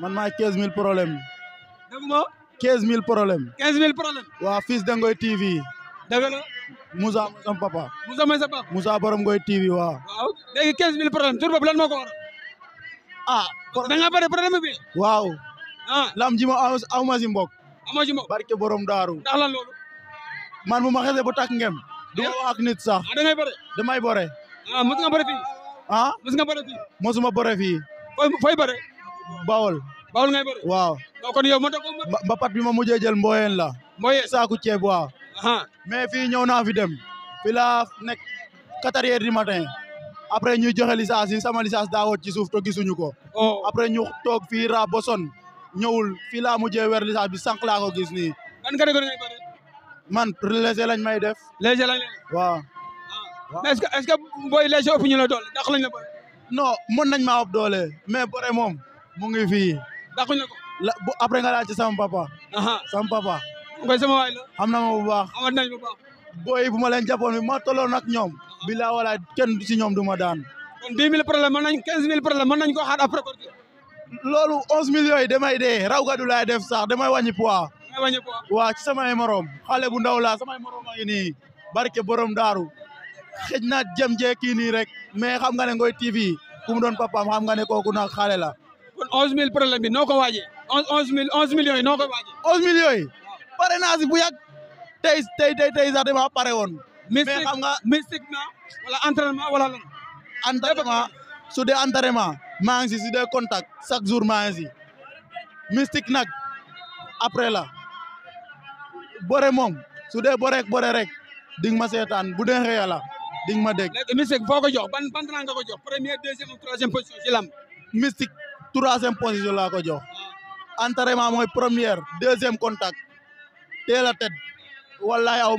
man maay 15000 problème. dégg nga. 15000 problème. 15000 problème. waa Fils de Ngoye TV. dëgg la. Moussa mooy sama papa. Moussa mooy sa papa. Moussa borom Ngoye TV waaw. waaw léegi 15000 problème tur boobu lan moo ko waral. ah. da ngaa bëri problème bi. waaw. Ah. lam ji ma aw ma si mbokk. borom daaru. man bu ma xasee bu tàkk ngem. du ma wax ak nit sax. ah da ngay bëre. damay bëre. ah mos nga bëre fii. ah baul baul ngay bëri waaw kon yow ma ba pat bi ma mujjé jël mboyen la mboyeen saaku ceeb waaw mais fi ñew na fi dem fi la nek quatre heures du matin après ñu joxé licence yi sama licence da wot ci suuf to gisunu ko oh après ñu tok fi ra boson ñewul fi la mujjé weer licence bi sank la ko gis ni kan nga ngay bëri man léger lañ may def léger lañ waaw ah. est-ce que est-ce que boy léger opinion la doole ndax lañ la bëri non mon nañ ma op doole mais boré mom mungi fi fii. la bu après nga laaj ci sama papa. sama papa. ngoy sama way la. xam mo bu baax. amat nañ bu baax. boy bu ma len japon mi ma tolo nak ñom bila wala kenn ci ñom du ma daan. 2000 problème man nañ 15000 problème man nañ ko xaar après. lolu 11 millions yooyu damay dee raw gadu lay def sax demay wañi poids. damay wàññi poids. wa ci sama ay morom xalé bu ndaw la sama ay morom ay ni barké borom daaru xejna jëm jé ki ni rek mais xam nga né ngoy TV kum doon papa xam nga né koku nak xalé la. onze mille problème bi noo ko waajee onze mille onze millions yi noo ko waajee. onze millions yi. pare naa si bu yàgg tey tey tey tey sax dama pare woon. mais xam nga mystique na wala entraînement wala lan. entraînement su dee entraînement maa ngi si su dee contact chaque jour maa ngi si mystique nag après la bore moom su dee bore bore rek di nga ma seetaan bu dee yàlla di nga ma dégg. mystique foo ko jox ban ban nga ko jox première deuxième troisième position ci lamb mystique. troisième position laa jox entraînement mooy première deuxième contact teel a tedd wallahi aw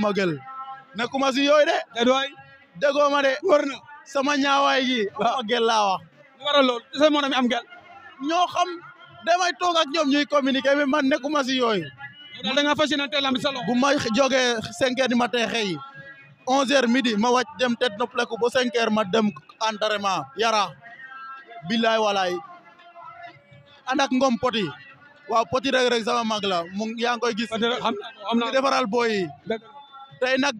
nekkuma si yooyu de. déedéet ma de. wër sama ñaawaay gi. waaw aw ma gël ñoo xam damay toog ak ñoom ñuy communiquer mais man nekkuma si yooyu. da nga fas a am salon. bu ma jógee cinq heures du matin xëy onze heures midi ma wàcc dem tête na pleku ba ma dem entraînement yara billaay walaay Anak ngom poti wa poti rek rek sama magla mu yang koy gis. amna defaral boy tay nak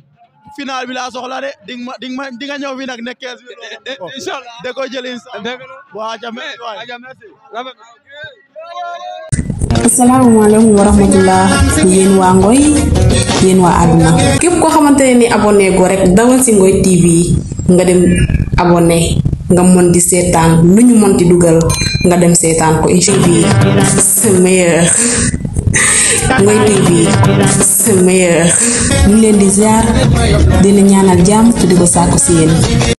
final bi la soxla de ma ding ma di nga ñëw fi nak ne 15 bi. inshallah de da koy jël wa jamé wa jamé Assalamualaikum warahmatullahi asalaamaaleykum wa Ngoy yéen wa aduna kep ko xamanteni abonné go rek dawal ci Ngoy TV nga dem abonné. nga mën di seetaan lu ñu mën di dugal nga dem seetaan ko IGTV c'est meilleur Ngoye TV c'est meilleur ñu leen di ziar di leen ñaanal jàmm te di ko sàkku si